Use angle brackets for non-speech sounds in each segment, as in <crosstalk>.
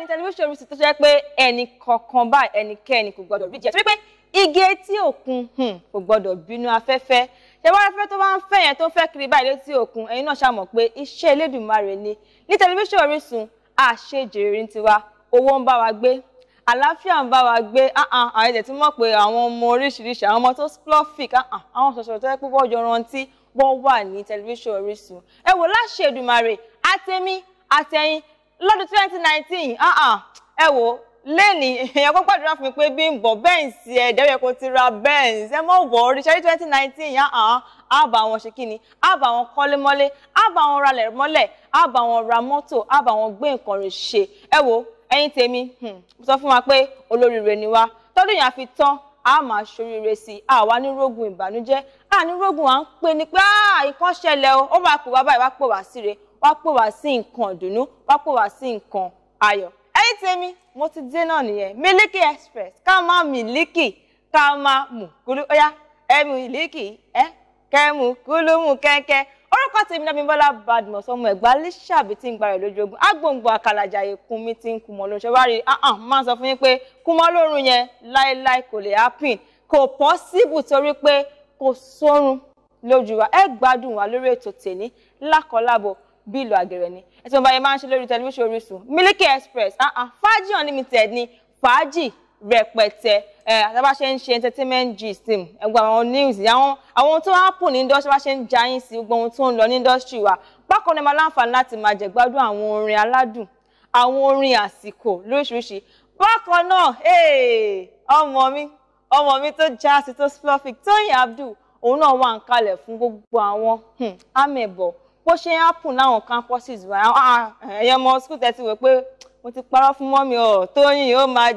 ní tẹlifíṣàn Orísun tó ṣe pé ẹnì kọ̀ọ̀kan báyìí ẹnikẹ́ni kò gbọ́dọ̀ bí jẹ́ torí pé igi etí òkun hmm, kò gbọ́dọ̀ bínú afẹ́fẹ́ ṣẹwọ́n afẹ́fẹ́ tó bá ń fẹ́ yẹn tó ń fẹ́ kiri báyìí létí òkun ẹ̀yin náà ṣàmọ̀ pé iṣẹ́ Elédùmarè ni ní tẹlifíṣàn Orísun àṣejèrè ní tiwa owó ń bá wa gbé àlàáfíà ń bá wa gbé àwọn ẹ̀jẹ̀ tí mọ̀ pé àwọn ọmọ oríṣiríṣi àwọn ọmọ tó splofik àwọn ṣọ̀ṣọ̀ tó yẹ pé wọ́n jọ rántí wọ́n wà ní tẹlifíṣàn Orísun ẹ wò láṣẹ Èdùmarè àtẹ̀mí àtẹ̀yìn lọ́dún twenty nineteen ẹ wò lẹ́ni èèyàn kó gbàdúrà fún mi pé Bímbọ́ bẹ́ǹsì ẹ̀ dẹ́rẹ́ kó ti ra Benz ẹ mọ̀ wọ̀ ọ́ ríṣẹ́ twenty nineteen á wọn ṣe kíni á wọn kọ́lé mọ́lé á wọn ralẹ̀ mọ́lẹ̀ á wọn ra mọ́tò á wọn gbé nǹkan rẹ̀ ṣe ẹ wò ẹ̀yin tèmi mo hmm, sọ fún wa pé olóríire ni wá tọ́dún yẹn àfi tán a máa ṣoríire sí i àwa nírógun ìbànújẹ́ ànírógun à ń pè ní pé ah, nǹkan ṣẹlẹ̀ o ó máa pè wá báyìí wá pè wá síre wá pè wá sí nǹkan ìdùnnú wá pè wá sí nǹkan ayọ̀ ẹ̀yin tèmi mo ti dé náà nìyẹn Miliki Express ká má Miliki ká má mú kúlú ó yá ẹ mú Miliki ẹ kẹ mú kúlú mú kẹ́kẹ́ orúkọ tèmi náà Bímbọ́lá Badmus ọmọ ẹ̀gbá lẹ́sàbí tí ń gba rẹ̀ lójú ogun agbóǹgbò àkàlàjà ikùn mi ti ń kùmọ̀ lóṣù wá rí ahàn ah, máa sọ fún yín pé kùmọ̀ lórun yẹn láéláé kò lè happen kò pọ́síbù torí pé kò sórun lójú wa ẹ gbádùn wa lórí ètò tèmi lákọ̀ọ́lábọ̀ bí ìlú àgẹ̀rẹ̀ ni ẹ̀sìn ọba yẹn máa ń ṣe lórí tẹlifíṣàn Orísun Miliki Express ah ah fàájì unlimited ni fàájì rẹpẹtẹ ẹ àtàbà ṣe ń ṣe entertainment gist ẹgbẹ́ àwọn news àwọn àwọn tó wá pù ní industry bá ṣe ń jayín sí gbogbo ohun tó ń lọ ní industry wa bákan náà máa láǹfààní láti máa jẹ̀gbádùn àwọn orin aládùn àwọn orin àsìkò lóríṣiríṣi bákan náà ọmọ mi ọmọ mi tó já sí tó splofik Tóyìn Abdul òun náà wà ń kalẹ̀ fún gbogbo àwọn hmm, amẹ̀bọ̀ bó ṣe ń happen láwọn campuses wa ah, ah, ẹ̀yẹ ọmọ school tẹ̀sí wò pé mo ti parọ́ fún mọ́mi ọ̀ tóyìn ó máa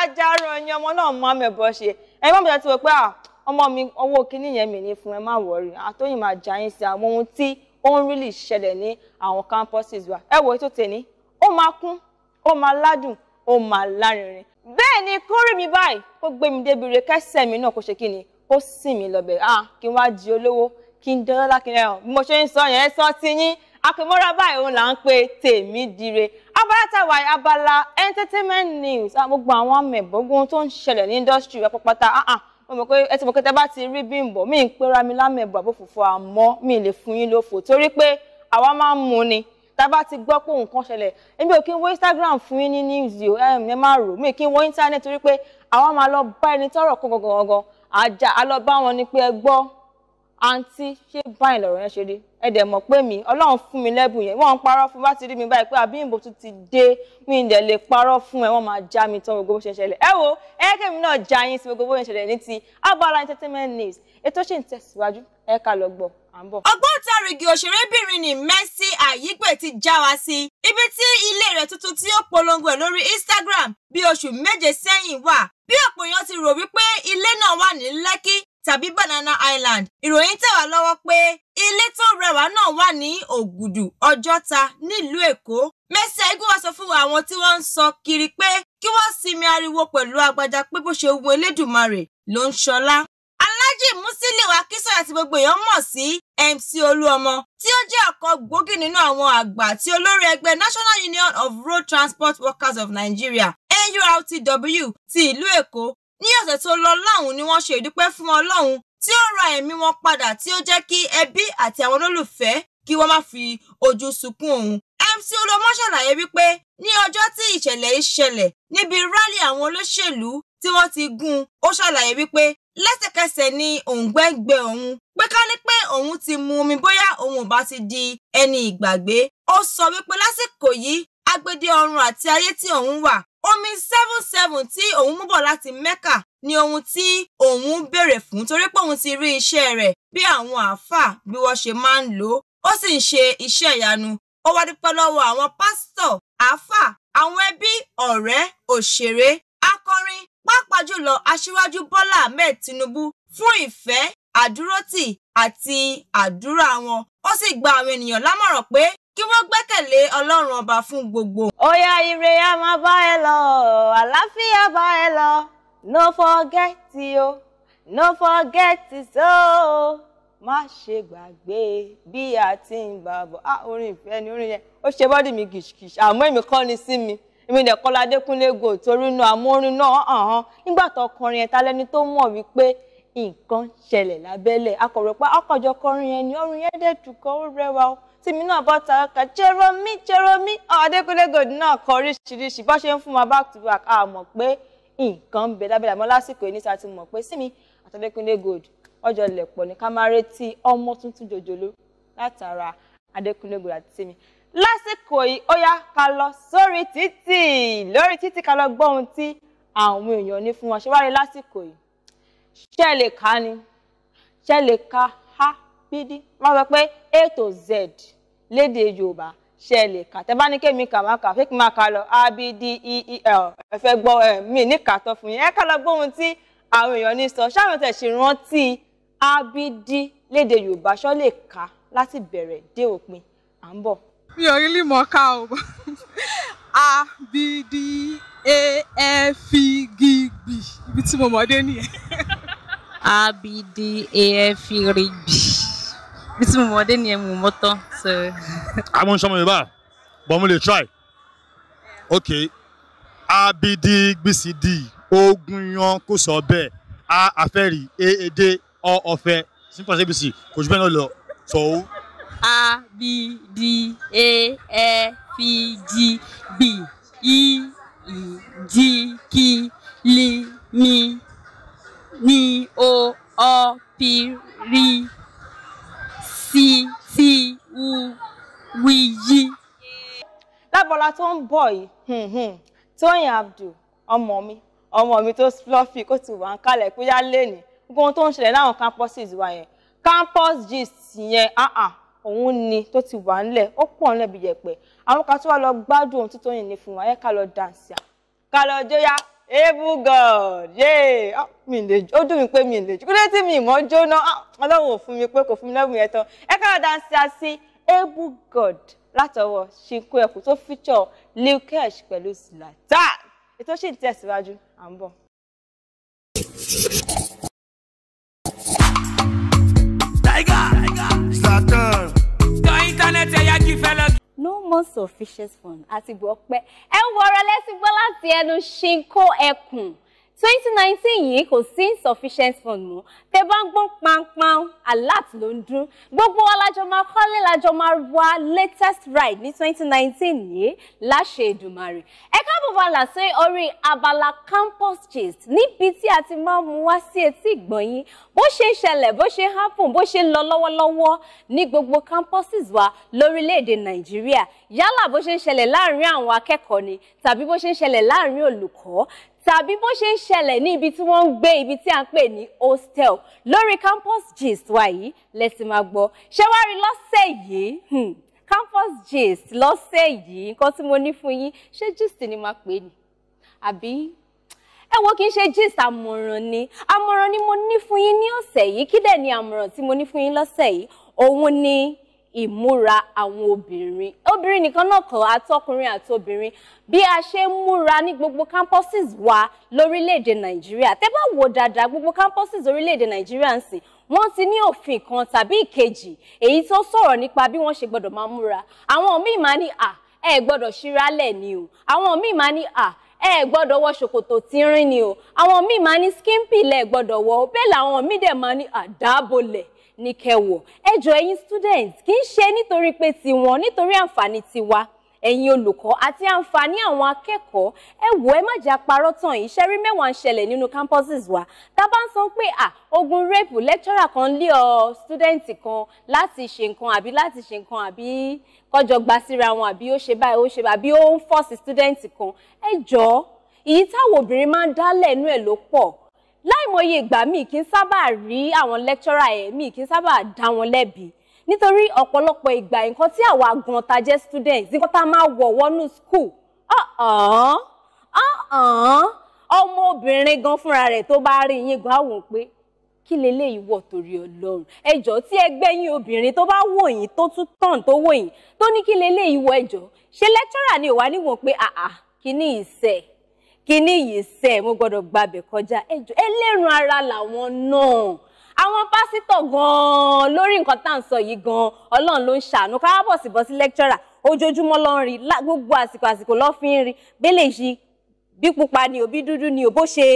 ajáró ẹ̀yìn ọmọ náà mọ́ mi bọ́ ṣe ẹ̀yìn mọ́mi tẹ̀sí wò pé ah, ọmọ mi owó kíní yẹn mi ní fún ẹ má wọrí àtóyìn máa jà yín sí àwọn ohun tí ó ń rílì ṣẹlẹ̀ ní àwọn campuses wa ẹ wò ètò tèmi ó máa kún ó máa ládùn ó máa lárinrin bẹ́ẹ̀ ni kó rí mi báyìí kó gbé mi débi re kẹ́sẹ̀ mi náà kó ṣe kí ni kó sìn mí lọ́bẹ̀ ah kí n wá di olówó kí n dán lákì ẹ mo ṣe ń sọ yẹn sọ ti yín akínmọ́ra báyìí òun là ń pe tèmi dire abala abala entertainment news gbogbo àwọn amẹ̀bọ́gbọ́n tó ń ṣẹlẹ̀ ní industry rẹ pápátá ah, ah, mo mọ̀ pé ẹ ti mọ̀ pé tẹ bá ti rí Bímbọ́ mi ń pera mi lámẹ̀bọ̀ àbófòfò àmọ́ mi lè fún yín lófò torí pé àwa máa ń mu ni tábà ti gbọ́ pé nǹkan ṣẹlẹ̀ èmi ò kí ń wo Instagram fún yín ní news o ẹ má rò mí kí ń wo internet torí pé àwa máa lọ bá ẹni tọ́rọ̀ kó gangan àjà a bá wọn ni pé ẹ gbọ́ àǹtí ṣé báyìí lọ̀rọ̀ yẹn ṣe rí ẹ dẹ̀ mọ̀ pé mi ọlọ́run fún mi lẹ́bùn yẹn wọ́n ń parọ́ fún bá ti rí mi báyìí pé àbíyìnbó tún ti dé mi dẹ̀ lè parọ́ fún ẹ wọ́n máa já mi tán gbogbo bó ṣe ṣẹlẹ̀ ẹ wo ẹ kẹ́mi náà já yín sí gbogbo bó ṣe ṣẹlẹ̀ ní ti abala entertainment news ètò ṣì ń tẹ̀síwájú ẹ ká lọ gbọ́ à ń bọ̀. ọgbọ́ntarìgì òṣèrébìnrin ni Mercy Aigbe ti já wa sí ibi tí ilé rẹ̀ tuntun tí ó polongo ẹ̀ lórí Instagram bí oṣù méje sẹ́yìn wà bí ọ̀pọ̀ èèyàn ti rò wípé ilé náà wà ní Lẹ́kí tàbí Banana Island ìròyìn tẹ̀ wá lọ́wọ́ pé ilé tó rẹwà náà wà ní Ògùdù Ọjọ́ta nílùú Èkó Mercy Aigwe wá sọ fún àwọn tí wọ́n ń sọ kiri pé kí wọ́n sinmi ariwo pẹ̀lú agbada pé bó ṣe wu Elédùmarè ló ń ṣọlá alhaji musiliu akínsọ̀yà tí gbogbo èèyàn mọ̀ sí mc olúọmọ tí ó jẹ́ ọ̀kan gbòógì nínú àwọn àgbà àti olórí ẹgbẹ́ national union of road transport workers of nigeria nurtw ti ìlú èkó ní ọ̀sẹ̀ tó lọ lọ́hùn ni wọ́n ṣe ìdúpẹ́ fún ọlọ́hun tí ó ra ẹ̀mí wọn padà tí ó jẹ́ kí ẹbí àti àwọn olólùfẹ́ kí wọ́n má fi ojú sunkún òun. MC Olúọmọ ṣàlàyé wípé ní ọjọ́ tí ìṣẹ̀lẹ̀ yìí ṣẹlẹ̀ níbi rálì àwọn olóṣèlú tí wọ́n ti gún ó ṣàlàyé wípé lẹ́sẹ̀kẹsẹ̀ ni òǹgbẹ́ gbẹ òun pé ká ní pé òun ti mu omi bóyá òun ò bá ti di ẹni ìgbàgbé ó sọ wípé lásìkò yìí agbede ọ̀run àti ayé tí òun wà omi seven seven tí òun mú bọ̀ láti Mẹ́kà ni ohun tí òun béèrè fún torí pé òun ti rí iṣẹ́ rẹ̀ bí àwọn àáfàá bí wọ́n ṣe máa ń lò ó ó sì ń ṣe iṣẹ́ ìyanu ó wá dúpẹ́ lọ́wọ́ àwọn pásítọ̀ àáfàá àwọn ẹbí ọ̀rẹ́ òṣèré akọrin pàápàá jùlọ aṣíwájú Bọ́lá Ahmed Tinubu fún ìfẹ́ àdúrótì àti àdúrà wọn ó sì gba àwọn ènìyàn lámọ̀ràn pé kí wọ́n gbẹ́kẹ̀lé ọlọ́run ọba fún gbogbo. ọ̀yà ire a máa bá ẹ lọ àlàáfíà bá ẹ lọ no forget o no forget so má ṣe gbàgbé bí a ti ń bá bọ̀ á ah, orin ìfẹ́ ni orin yẹn ó ṣe bọ́dì mi kìṣìkìṣì àmọ́ èmi kọ́ ni sí mi èmi dẹ̀ Kọ́lá Adékúnlé Gold torí inú amórin náà hàn nígbà tó kọrin ẹ̀ talẹ́ni tó mọ̀ wípé nǹkan ṣẹlẹ̀ lábẹ́lẹ̀ akọ̀ròpá ah, ọkọ̀jọ kọrin yẹn ni orin yẹn dẹ̀ dùn kọ́ ó rẹwà ó tèmi náà bọ́ taraka Jeremy Jeremy ah, Adékúnlé Gold náà kọ oríṣiríṣi bó ṣe ń fún wa back to back a mọ̀ pé nǹkan ń bẹ lábẹ́lẹ̀ àmọ́ lásìkò yìí níta ti mọ̀ pé sími àtàdékúnlé Gold ọjọ́ lẹ̀pọ̀ ní ká máa retí ọmọ tuntun jòjòló látara Adékúnlé Gold àti sími lásìkò yìí ó yá ká lọ sórí títì lórí títì ká lọ gbọ́ ohun tí àwọn èèyàn ní fún wa ṣe wáyé lásìkò yìí ṣe lè ká ni ṣe lè ká a bídí wọ́n sọ pé a to z lédè yorùbá ṣe lè kà tẹ́ bá ní kémi kà má kà fíkì má kà lọ abdel e, ẹ fẹ́ gbọ́ mi ní kàtọ́ fún yín ẹ ká lọ gbóhun tí àwọn èèyàn ní sọ ṣáwọn tẹ̀ ṣe rántí abidi lédè yorùbá ṣọ́ lè kà láti bẹ̀rẹ̀ dé òpin à ń bọ̀. mi ò rí límọ̀ ká o <laughs> a b d a e, ẹ fi gi gbì ibi tí mo mọ̀ dé nìyẹn. <laughs> a b d a ẹ fi rí bí tí mo mọ̀ dé ni ẹ mú mọ́ tán. àwọn sọmọ yorùbá but mo lè try ok abidi gbèsèdì ogun yan kò sọ bẹ́ẹ̀ a àfẹ́rì èdè e, e, ọ ọ̀fẹ́ simple abc kò jù bẹ́ẹ̀ náà lọ sọ o. a b d a e, ẹ f g b i i G k l m n o O p r I. tó ń bọ̀ yìí hmm, hmm. Tóyìn Abdul ọmọ mi ọmọ mi tó fluffy kó ti wà ń kalẹ̀ kúyà lẹ́nìí gbogbo ohun tó ń ṣẹlẹ̀ láwọn campuses wa yẹn campus gist yẹn òun ni tó ti wà ńlẹ̀ ó pọ̀ ńlẹ̀ bí yẹpẹ̀ àwọn kan tó wà lọ gbádùn ohun tí Tóyìn ní fún wa yẹn ká lọ dànsì à ká lọ jóyà ebu god yéé ah, mi lè ó dùn mí pé mi lè kúlé tí mi mọ́ jóná ah, ọlọ́run ò fún mi pé kò fún mi lẹ́bùn yẹn tán ẹ ká lọ dànsì à sí ebu god látọwọ́ Chinko Ẹ̀kú tó fíjọ Lil Kesh pẹ̀lú Zlatan ètò sì ń tẹ̀síwájú à ń bọ̀. no more suspicious fun àti gbọ́ pé ẹ ń wọra lẹ́sìn gbọ́ láti ẹnu Chinko Ẹ̀kú. 2019 nineteen yìí kò sí insufficient fund mọ́ tẹ bá ń gbọ́n panpan alert ló ń dún gbogbo wa lájọ máa kọ́lé lájọ máa wá latest ride ní 2019 nineteen yìí láṣẹ Èdùmàrè ẹ káàbọ̀ balà sí orí abala campus gist níbi tí a ti máa mú wá sí etí ìgbọ̀nyín bó ṣe ń ṣẹlẹ̀ bó ṣe happen bó ṣe lọ lọ́wọ́lọ́wọ́ ní gbogbo campuses wa lórílẹ̀‐èdè Nàìjíríà yálà bó ṣe ń ṣẹlẹ̀ láàrin àwọn akẹ́kọ̀ọ́ ni tàbí bó ṣe ṣẹlẹ̀ láàrin olùkọ́ tàbí bó ṣe ń ṣẹlẹ̀ ní ibi tí wọ́n ń gbé ibi tí à ń pè ní hostel lórí campus gist wa yìí lẹ ti máa gbọ́ ṣé wá rí lọ́sẹ̀ yìí hmm. campus gist lọ́sẹ̀ yìí nǹkan tí mo ní fún yín ṣé gist ni máa pè ní àbí ẹ wo kì í ṣe gist àmọ̀ràn ni àmọ̀ràn ni mo ní fún yín ní ọ̀sẹ̀ yìí kí dẹ̀ ni àmọ̀ràn tí mo ní fún yín lọ́sẹ̀ yìí òun ni ìmúra àwọn obìnrin obìnrin nìkan náà kọ́ àtọkùnrin àti obìnrin bí a ṣe ń múra ní gbogbo campuses wa lórílẹ̀‐èdè nàìjíríà tẹ́ bá wò dáadáa gbogbo campuses orílẹ̀‐èdè nàìjíríà ń sìn wọ́n ti ní òfin kan tàbí ìkejì èyí tó sọ̀rọ̀ nípa bí wọ́n ṣe gbọ́dọ̀ máa múra àwọn míì máa ní à ẹ gbọ́dọ̀ ṣíralẹ̀ ni o àwọn míì máa ní à ẹ gbọ́dọ̀ wọ ṣòkòtò tínrín ni o àwọn míì máa ní skimpi lẹ gbọ́dọ̀ wọ bẹ́ẹ̀ làwọn míì dẹ̀ máa ní àdábòlẹ̀ ní kẹwò ẹjọ ẹ̀yin student kì í ṣe nítorí pé tiwọn nítorí àǹfààní tiwa ẹ̀yin olùkọ́ àti àǹfààní àwọn akẹ́kọ̀ọ́ ẹ wò ẹ má jẹ́ àparọ́ tán yìí ṣẹ́rí mẹ́wàá ń ṣẹlẹ̀ nínú campuses wa tá a bá ń sọ pé à ogun rape lecturer kan lé ọ student kan láti ṣe nǹkan àbí láti ṣe nǹkan àbí kọjọ gba síra wọn àbí ó ṣe báyìí ó ṣe àbí ó ń fọ́ọ̀sì student kan ẹ jọ̀ọ́ táwọn obìnrin máa ń dálẹ̀ inú ẹ̀ ló pọ̀ láìmọye ìgbà mi kì í sábà rí àwọn lecturer ẹ̀ mi kì í sábà dá wọn lẹ́bi nítorí ọ̀pọ̀lọpọ̀ ìgbà nǹkan tí àwa gan ta jẹ́ students nǹkan tá a máa wọ̀ wọnú school uh-huh, uh-huh, ọmọ obìnrin gan fúnra rẹ̀ tó bá rí yín gan àwọn pé kí leléyìí wọ̀ torí ọlọ́run ẹjọ́ tí ẹgbẹ́ yín obìnrin tó bá wò yín tó tún tàn tó wò yín tó ní kí leléyìí wọ̀ ẹjọ́ ṣé lecturer ni ò wá níwọ̀n pé àà kí ni ìṣe kíní yìí sẹ mo gbọ́dọ̀ gbàbẹ̀ kọjá ẹjọ ẹlẹ́rùn ara làwọn náà àwọn pásítọ̀ gan-an lórí nǹkan tá à ń sọ yìí gan-an Ọlọ́run ló ń ṣàánú ká bọ̀ sí sí lẹ́kítọ́rà ojoojúmọ́ ló ń gbogbo àsìkò àsìkò ló fi ń yìí bí pupa ni òbí dúdú ni òbó ṣe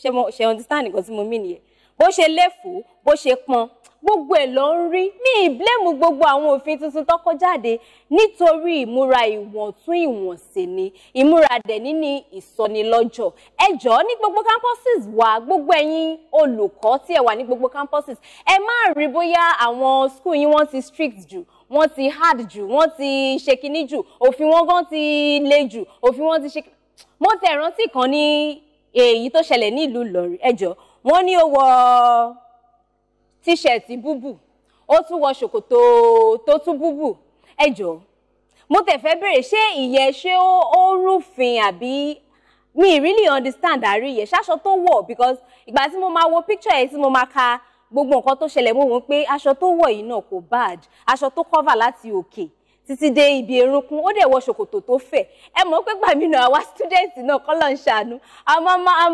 ṣe mo ṣe understand nǹkan tí mo mí nìyẹn bó ṣe léfòó bó ṣe pọn gbogbo ẹ̀ ló ń rí ní ìbílẹ̀mù gbogbo àwọn òfin tuntun tó jáde nítorí ìmúra ìwọ̀ntún ìwọ̀nsì ni ìmúra dẹ̀ níní ìsọnilọ́jọ̀ ẹ jọ̀ọ́ ní gbogbo campuses wa gbogbo ẹ̀yin olùkọ́ tí ẹ wà ní gbogbo campuses ẹ má rí bóyá àwọn school yín wọ́n ti strict jù wọ́n ti hard jù wọ́n ti ṣe kinní jù òfin wọn gan ti le jù òfin wọn ti ṣe mo tẹ̀ rántí kan ní èyí tó ṣẹlẹ̀ nílùú Ìlọrin ẹjọ́ wọ́n ní ó wọ tíṣẹ̀tì búbù ó tún wọ ṣòkòtò tó tún búbù ẹjọ́ mo tẹ̀ fẹ́ béèrè ṣé ìyẹn ṣé ó rúfin àbí mi really understand àrí yẹn ṣáṣọ tó wọ̀ because ìgbà tí mo máa wo picture yẹn tí mo máa ka gbogbo nǹkan tó ṣẹlẹ̀ mo wò ó pé aṣọ tó wọ̀ yìí náà kò bad aṣọ tó cover láti òkè. Okay títí dé ibi erunkun ó dẹ̀ wọ ṣòkòtò tó fẹ̀ ẹ mọ̀ pé gbàmínà àwa student náà kọ́lọ̀ ń ṣàánú a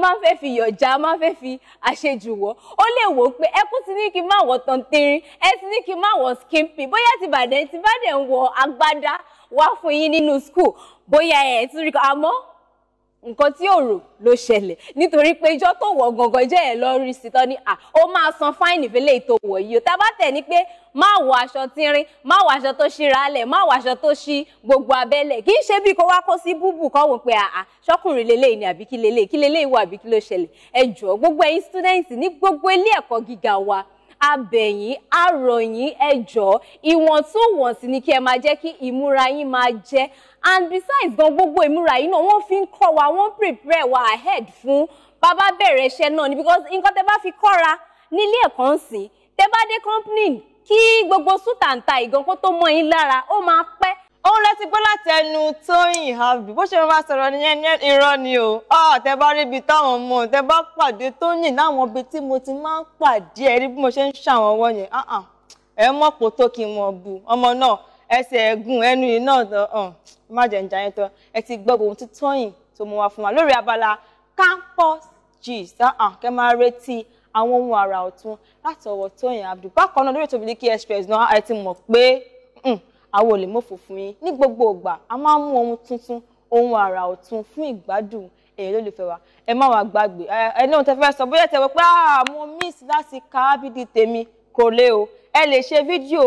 máa ń fẹ́ fi yọ̀já a máa fẹ́ fi àṣejù wọ̀ ó lè wò ó pé ẹkún ti ní kí n má wọ̀ tọ̀ntìrín ẹ ti ní kí n má wọ̀ skimpi bóyá ti bàdẹ̀ ti bá dẹ̀ ń wọ̀ agbádá wá fún yín nínú school bóyá ẹ̀ tún rí kọ́ àmọ́ nǹkan tí ò rò ló ṣẹlẹ̀ nítorí pé ìjọ tó wọ̀ gangan jẹ́ ẹ̀ lọ rí sí ni à ó máa san fáìnì fẹ́lẹ́ ètò wọ̀ yìí o tá a bá tẹ̀ ní pé má wọ aṣọ tínrín má wọ aṣọ tó ṣí ralẹ̀ má wọ aṣọ tó ṣí gbogbo abẹ́lẹ̀ kì í ṣe bí kó wá kó sí búbù kọ́ wò pé àà ṣọ́kùnrin lélẹ̀ ni àbí kí lélẹ̀ kí lélẹ̀ wà àbí kí ló ṣẹlẹ̀ ẹ jọ̀ọ́ gbogbo ẹ̀yin students ní gbogbo ilé ẹ̀kọ́ gíga wa abẹ̀yìn àròyìn ẹjọ́ ìwọ̀ntúnwọ̀nsì ni kí ẹ máa jẹ́ kí ìmúra yín máa jẹ́ and besides gan gbogbo ìmúra yín náà wọ́n fi ń kọ́ wa wọ́n prepare wa ahead fún bàbá bẹ̀rẹ̀ iṣẹ́ náà ni because nǹkan tẹ bá fi kọ́ra nílé ẹ̀kọ́ ń sìn tẹ bá dé company kí gbogbo sútàǹtà ìgan kó tó mọ́ yín lára ó máa pẹ́ òun lẹ ti gbọ́ látẹnu Tóyìn Habi bó ṣe máa sọ̀rọ̀ nìyẹn ní irọ́ ni o ọ tẹ bá rí ibi táwọn ọmọ tẹ bá pàdé Tóyìn láwọn ibi tí mo ti máa ń pàdé ẹ rí bí mo ṣe ń ṣàwọn ọwọ́ yẹn ah, ah. ẹ mọ̀ pò tó kí n mọ̀ bu ọmọ náà ẹsẹ̀ ẹ̀gùn ẹnu yìí náà tán má jẹ̀ ń jà yẹn tán ẹ ti gbọ́ ohun tí Tóyìn tó mú wá fún wa lórí abala campus gist ah, kẹ máa retí àwọn ohun àrà ọ̀tun láti ọwọ́ Tóyìn Habi bákan náà lórí ètò Miliki Express náà ẹ ti mọ̀ pé mm, àwọn olè mọ́ fòfin yín ní gbogbo ìgbà a máa ń mú ohun tuntun ohun àrà ọ̀tun fún ìgbádùn èyí ló lè fẹ́ wa ẹ má wàá gbàgbé ẹ náà tẹ fẹ́ sọ bóyá tẹ wọ pé ah, mo miss láti ka ábídì tèmi kò lé o ẹ lè ṣe fídíò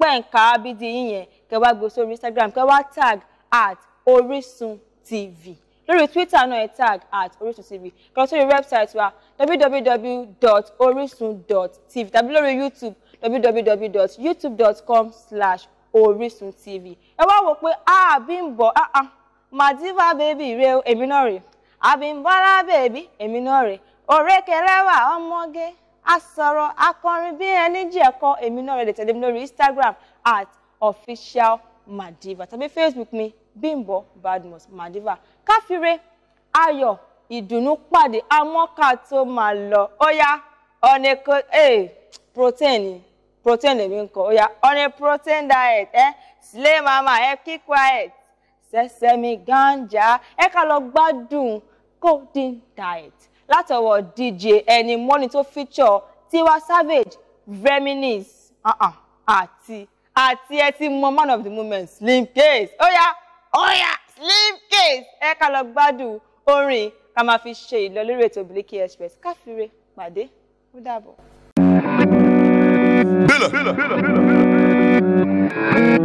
pẹ̀ǹka ábídì yín yẹn kẹ wá gbé sórí Instagram kẹ wá tag at Orisun TV lórí Twitter náà ẹ tag at Orisun TV kẹ lọ sórí website wa www.orisun.tv tàbí lórí YouTube www.youtube.com slash Orísun TV ẹ wá wò pé àbímbọ̀ madiva bèbí rẹ èmi náà rè àbímbọ́lá bèbí èmi náà rè òrékelẹ́wà ọmọge asọrọ akọrin bí ẹni ẹkọ èmi náà rẹ̀ lè mi lórí Instagram at official madiva tàbí Facebook mi Bímbọ́ Badmus madiva káfíre ayọ ìdùnnú pàdé amọ́ka tó máa ọ̀nẹ́kọ́ eh, protein protein lèmi ń kọ ó on a protein diet eh? slay mama ẹ keep quiet sesame ganja eh? ká lọ gbádùn golden diet látọwọ́ dj ẹni morning to feature tiwa savage reminis uh-uh. àti Ati, ẹ ti mọ man of the moment slim case ó yá ó yá slim case eh? ká lọ gbádùn orin ká máa fi ṣe ìlọlérè ètò Miliki Express káfíńre pàdé ó dàbọ̀. pira, pira, pira, pira.